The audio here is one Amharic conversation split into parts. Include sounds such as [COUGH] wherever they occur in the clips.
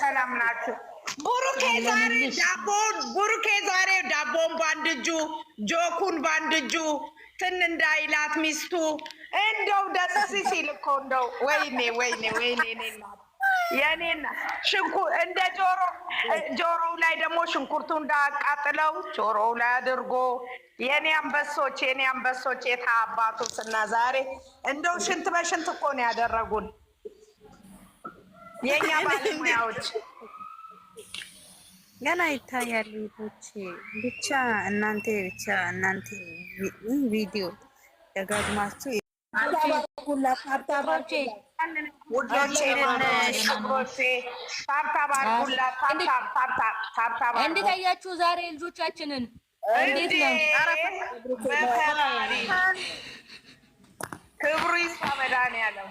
ሰላም ናችሁ? ቡሩኬ ዛሬ ዳቦን ቡሩኬ ዛሬ ዳቦን በአንድ እጁ ጆኩን ባንድ እጁ ትን እንዳይላት ሚስቱ እንደው ደስ ሲል እኮ እንደው ወይኔ ወይኔ ወይኔ የኔና ሽንኩ እንደ ጆሮ ጆሮው ላይ ደግሞ ሽንኩርቱ እንዳቃጥለው ጆሮው ላይ አድርጎ የኔ አንበሶች የኔ አንበሶች የታ አባቱትና ዛሬ እንደው ሽንት በሽንት እኮ ነው ያደረጉን። የእኛ [LAUGHS] ባለሙያዎች ገና ይታያል። ልጆች ብቻ እናንተ ብቻ እናንተ ቪዲዮ ደጋግማችሁ እንዴት አያችሁ ዛሬ ልጆቻችንን? እንዴት ነው? ክብሩ ይስፋ መድኃኒዓለም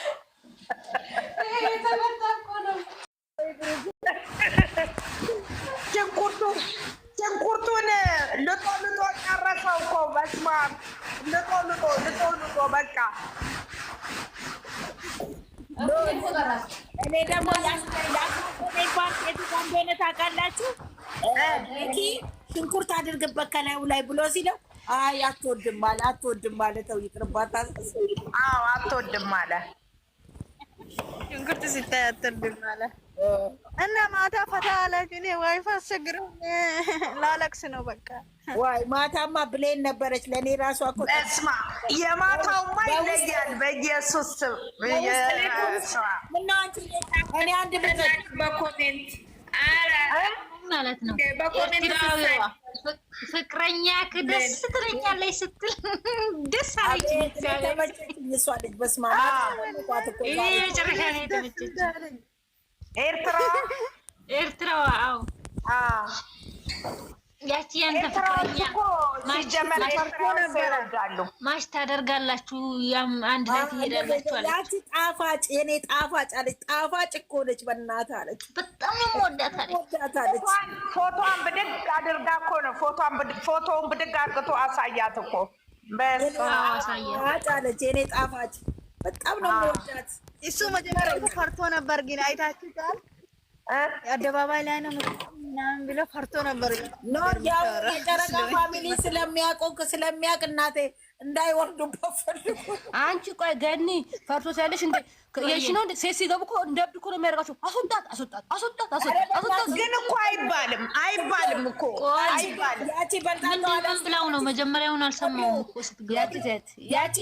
ታውቃላችሁ። ኪ ሽንኩርት አድርግበት ከላዩ ላይ ብሎ ሲለው አይ አትወድም አለ። አትወድም አለ። ተው ይቅርባት። አዎ አትወድም አለ። ሽንኩርት ሲታይ አትወድም አለ እና ማታ ፈታ አለች። እኔ ዋይፋ አስቸግረው ላለቅስ ነው በቃ። ዋይ ማታማ ብሌን ነበረች ለእኔ ራሷ እኮ ስማ፣ የማታውማ ይለያል። በኢየሱስ ምነው አንቺ እኔ አንድ በኮሜንት ማለት ነው። ፍቅረኛ ደስ ትለኛለች ስትል [LAUGHS] ደስ አለች። ያቺ ያንተ ፍቅረኛ ማሽ ታደርጋላችሁ፣ ያም አንድ ላይ ትሄዳላችሁ አለች። ያቺ ጣፋጭ የኔ ጣፋጭ አለች። ጣፋጭ እኮ ነች፣ በእናትህ አለች። በጣም የምወዳት አለች። ፎቶን ብድግ አድርጋ እኮ ነው ፎቶን ብድግ አርግቶ አሳያት እኮ ጣፋጭ አለች። የኔ ጣፋጭ በጣም ነው የምወዳት። እሱ መጀመሪያ ፈርቶ ነበር ግን አይታችሁታል አደባባይ ላይ ነው ምናምን ብሎ ፈርቶ ነበር። ኖ ያው የጨረቃ ፋሚሊ ስለሚያቆቅ ስለሚያቅ እናቴ እንዳይወርዱበት ፈልጉ። አንቺ ቆይ ገኒ ፈርቶ ሲያለሽ እንደ የሽ ነው ሴት ሲገቡ እኮ እንደ እብድ እኮ ነው የሚያደርጋቸው። አስወጣት አስወጣት አስወጣት አስወጣት። ግን እኮ አይባልም አይባልም እኮ አይባልም። ያቺ በልጣ ነው መጀመሪያውን አልሰማሁም እኮ ስትገባ ያቺ ያቺ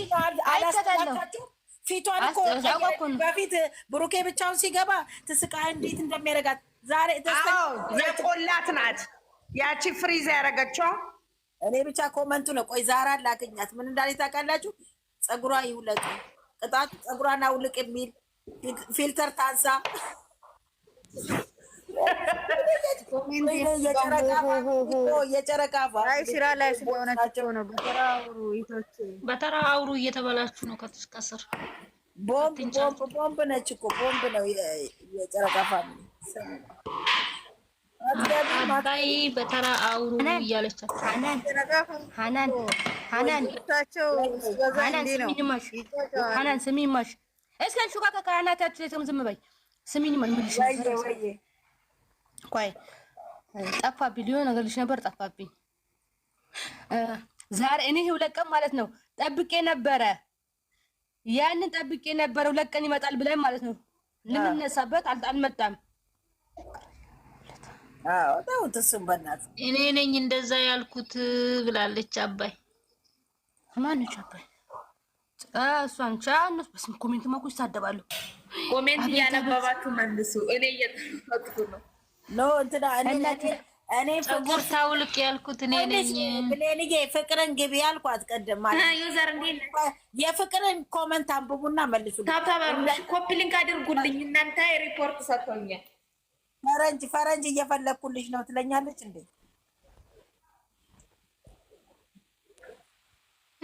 አላስተካከላችሁ ፊቷን እኮ በፊት ብሩኬ ብቻውን ሲገባ ትስቃ እንዴት እንደሚያደርጋት ዛሬ የቆላት ናት ያቺ ፍሪዝ ያደረገችው። እኔ ብቻ ኮመንቱ ነው። ቆይ ዛራ ላገኛት ምን እንዳለ ታውቃላችሁ? ፀጉሯ ይውለቅ ቅጣቱ ፀጉሯን አውልቅ የሚል ፊልተር ታንሳ የጨረቃ ስራ ላይ በተራ አውሩ ነው። ከስር ቦምብ ነች እኮ ቦምብ ነው የጨረቃ ፋሚሊ አባይ በተራ አውሩ እያለቻቸው ሀናን ስሚኝ ማሽ ከካህናታችሁ ዝም በይ ስሚኝ ቆይ ጠፋብኝ። ሊሆን ነገር ልሽ ነበር ጠፋብኝ። ዛሬ እኔ ሁለት ቀን ማለት ነው ጠብቄ ነበረ። ያንን ጠብቄ ነበረ ሁለት ቀን ይመጣል ብለን ማለት ነው ልንነሳበት አልመጣም። አዎ ታው ተስም እኔ ነኝ እንደዛ ያልኩት ብላለች። አባይ ማነች አባይ? እሷ አንቺ አንስ በስም ኮሜንት ማኩስ ታደባለሁ። ኮሜንት እያነበባችሁ መልሱ። እኔ እየተፈጥኩ ነው ኖ እንትና እኔ ታውልቅ ያልኩት እኔ ነኝ። ብሌንዬ ፍቅርን ግቢ ያልኩ ቅድም ዩዘር የፍቅርን ኮመንት አንብቡና መልሱ። ኮፕሊንክ አድርጉልኝ እናንተ ሪፖርት ሰጥቶኛል። ፈረንጅ ፈረንጅ እየፈለግኩልሽ ነው ትለኛለች እንዴ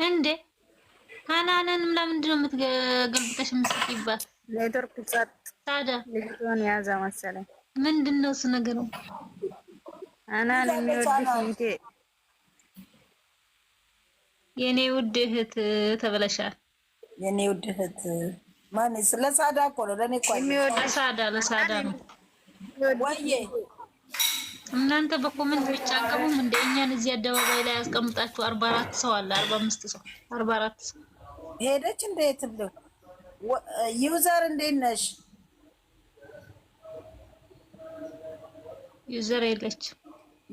እንዴ ለምንድን ነው የምትገልብጠሽ? ኔትወርክ ጸጥ ታዲያ ልጅቷን መሰለኝ ምንድን ነው እሱ ነው? አናን የሚወድሽ የኔ ውድ እህት ተበለሻል። የኔ ውድ እህት ማን? ለሳዳ እኮ ነው ለኔ እኮ የሚወድ ለሳዳ ነው እናንተ በኮመንት ብጫቀሙም እንደ እኛን እዚህ አደባባይ ላይ ያስቀምጣችሁ። አርባ አራት ሰው አለ፣ አርባ አምስት ሰው፣ አርባ አራት ሰው ሄደች። እንዴት ብለው ዩዘር፣ እንዴት ነሽ? ዩዘር የለች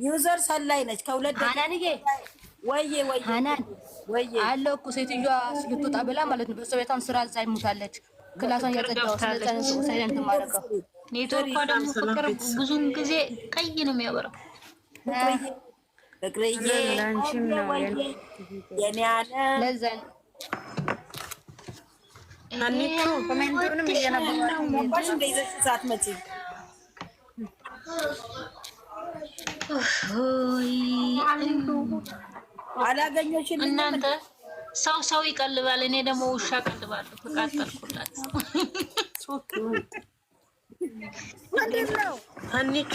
ዩዘር ሰላይ ነች። ከሁለት ሀናንዬ ወይዬ ወይዬ ሀናን ወይዬ አለው እኮ ሴትዮዋ ልትወጣ ብላ ማለት ነው። በእሷ ቤቷን ስራ እዛ ይሙታለች። ክላሷን እያጸዳሁ ሳይለንት ማረገው ኔትወርኳ ደግሞ ፍቅር ብዙም ጊዜ ቀይ ነው የሚያበራው። ፍቅርዬ ለአንቺም ነው የኔ አለ ለዛ ሀኒቱ ኮሜንቱንም እያነበባችሁ ሳትመጪ አላገኘሁሽም። እናንተ ሰው ሰው ይቀልባል፣ እኔ ደግሞ ውሻ ቀልባለሁ። ተቃጠልኩላት። ምንድን ነው አንቺ?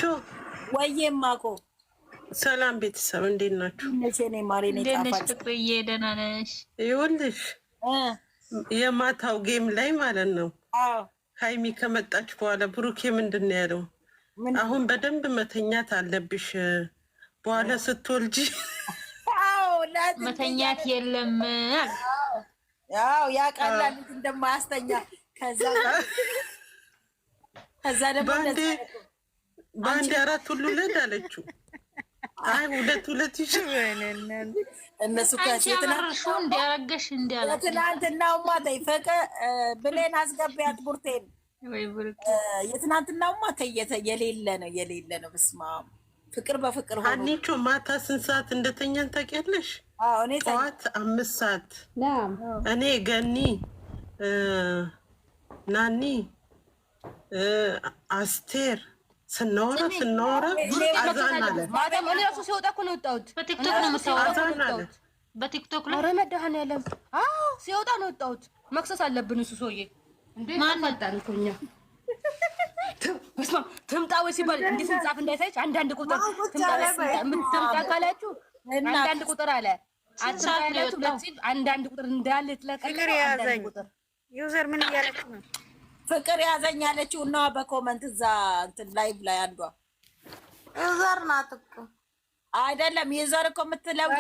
ወይዬማ እኮ ሰላም ቤተሰብ እንዴት ናችሁ? እንዴት ነሽ ፍቅርዬ? ደህና ነሽ? ይኸውልሽ የማታው ጌም ላይ ማለት ነው ሀይሚ ከመጣች በኋላ ብሩኬ ምንድን ነው ያለው? አሁን በደንብ መተኛት አለብሽ። በኋላ ስትወልጂ [LAUGHS] መተኛት የለም። ያው ያ ቀላል እንደማያስተኛ ከዛ ከዛ ደግሞ በአንድ አራት ሁሉ ልድ አለችው። አይ ሁለት ሁለት ይሽበልነን [LAUGHS] እነሱ እንዲያረገሽ እንዲያለ ተይ ፈቀ ብሌን አስገቢያት ቡርቴን የትናንትናውማ ተየተ የሌለ ነው የሌለ ነው። በስመ አብ ፍቅር በፍቅር ሆኖ አንቺ ማታ ስንት ሰዓት እንደተኛን ታውቂያለሽ? ጠዋት አምስት ሰዓት እኔ ገኒ ናኒ አስቴር ስናወራ ስናወራ አዛን አለ እኔ እራሱ ሲወጣ እኮ ነው የወጣሁት። በቲክቶክ ነው የምታወራው? በቲክቶክ ላይ ኧረ መድኃኒዓለም ሲወጣ ነው የወጣሁት። መክሰስ አለብን እሱ ሰውዬ ትምጣ ወይ ሲባል እንዲህ ስንጻፍ እንዳይታይች አንዳንድ ቁጥር ትምጣ ካላችሁ አንዳንድ ቁጥር አለ አንዳንድ ቁጥር እንዳለ ዩዘር ምን እያለች ነው? ፍቅር ያዘኝ ያለችው እና በኮመንት እዛ እንትን ላይቭ ላይ አንዷ ዩዘር ናት እኮ አይደለም። ዩዘር እኮ የምትለው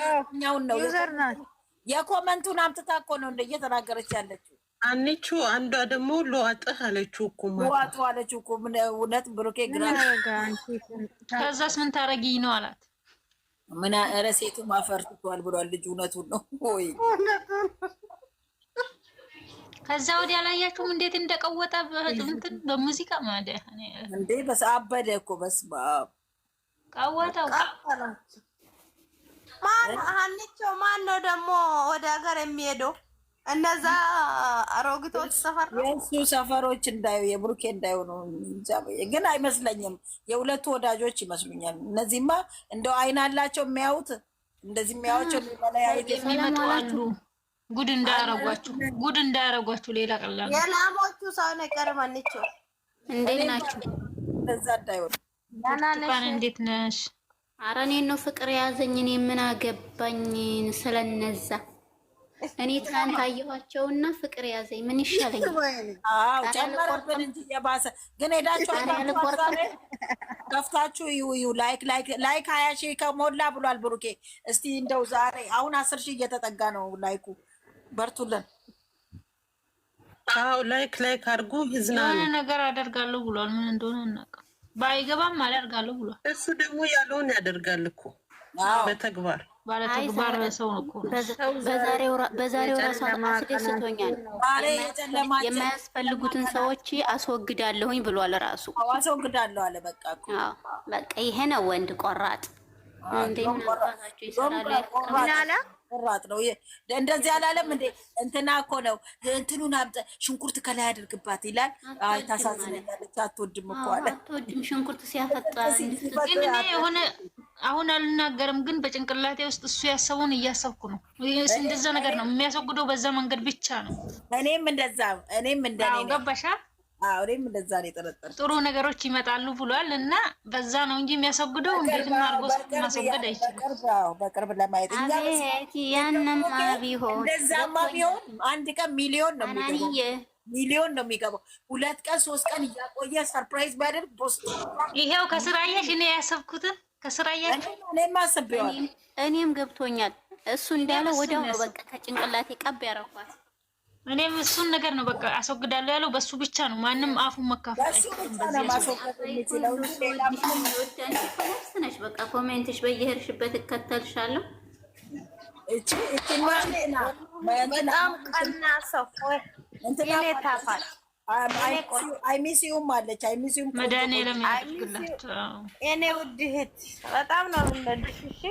ኛውን ነው። ዩዘር ናት። የኮመንቱን አምጥታ እኮ ነው እንደየተናገረች ያለችው አንቹ አንዷ ደግሞ ለዋጥህ አለችው እኮ ለዋጡ አለችው እኮ ምን እውነት ብሩኬ ግራ ከዛስ ምን ታረጊ ነው አላት ምን ኧረ ሴቱ ማፈርትቷል ብሏል ልጅ እውነቱን ነው ወይ ከዛ ወዲያ አላያችሁም እንዴት እንደቀወጠ እንትን በሙዚቃ ማለት እንዴ በስ አበደ እኮ በስመ አብ ቀወጠው ማን አንቹ ማን ነው ደግሞ ወደ ሀገር የሚሄደው እነዛ አሮግቶች ሰፈር የእሱ ሰፈሮች እንዳዩ የብሩኬ ነው። ግን አይመስለኝም። የሁለቱ ወዳጆች ይመስሉኛል። እነዚህማ እንደው አይን አላቸው የሚያዩት እንደዚህ የሚያዩቸው ሊመለያየት የሚመጡ ጉድ እንዳያረጓችሁ፣ ጉድ እንዳያረጓችሁ። ሌላ ቀላል የላሞቹ ሰው ነገር ማንቸው እንዴት ናችሁ? እዛ እንዳይሆኑ ፋን እንዴት ነሽ? አረ እኔን ነው ፍቅር የያዘኝ። እኔ ምን አገባኝ ስለነዛ እኔ ትናንት አየኋቸውና ፍቅር ያዘኝ። ምን ይሻለኝ? አዎ ጨመረብን እንጂ የባሰ ግን ሄዳችሁ ከፍታችሁ ይዩ ይዩ። ላይክ ላይክ ላይክ ሀያ ሺህ ከሞላ ብሏል ብሩኬ። እስቲ እንደው ዛሬ አሁን አስር ሺህ እየተጠጋ ነው ላይኩ። በርቱልን። አዎ ላይክ ላይክ አድርጉ። የሆነ ነገር አደርጋለሁ ብሏል። ምን እንደሆነ እናውቅም። ባይገባም አደርጋለሁ ብሏል። እሱ ደግሞ ያለውን ያደርጋል እኮ በተግባር ባለተግባር ሰው እኮ በዛሬው ራሱ አስደስቶኛል። የማያስፈልጉትን ሰዎች አስወግዳለሁኝ ብሏል። ራሱ አስወግዳለሁ አለ። በቃ በቃ ይሄ ነው ወንድ ቆራጥ። እንደምናባታቸው ይሰራል። ቆራጥ ቆራጥ ነው እንደዚህ አላለም እንዴ? እንትና እኮ ነው እንትኑን አምጠ ሽንኩርት ከላይ አድርግባት ይላል። አይ ታሳዝነኛለች፣ አትወድም እኮ አለ። አትወድም ሽንኩርት ሲያፈጣ ግን የሆነ አሁን አልናገርም፣ ግን በጭንቅላቴ ውስጥ እሱ ያሰቡን እያሰብኩ ነው። እንደዛ ነገር ነው የሚያስወግደው፣ በዛ መንገድ ብቻ ነው። እኔም እንደዛ እኔም እንደ ገባሻ እኔም እንደዛ ነው የጠረጠር ጥሩ ነገሮች ይመጣሉ ብሏል እና በዛ ነው እንጂ የሚያስወግደው እንዴት አድርጎ ማስወገድ አይችልም። በቅርብ ለማየት ያንማ ቢሆን እንደዛማ ቢሆን አንድ ቀን ሚሊዮን ነው ሚሊዮን ነው የሚገባው። ሁለት ቀን ሶስት ቀን እያቆየ ሰርፕራይዝ ቢያደርግ ይሄው ከስራየሽ እኔ ያሰብኩትን ከስራ እኔም ገብቶኛል። እሱ እንዳለ ወዲያው ነው በቃ ከጭንቅላቴ ቀብ ያረኳት። እኔም እሱን ነገር ነው በቃ አስወግዳለሁ ያለው በሱ ብቻ ነው። ማንም አፉን መካፈል ነሽ። በቃ ኮሜንትሽ በየሄድሽበት እከተልሻለሁ። በጣም ቀና ሰው ታፋል አይሚሲዩም አለች። አይሚሲዩም መድኃኒዓለም ያድርግላት። እኔ ውድ እህት በጣም ነው የምወድሽ። እሺ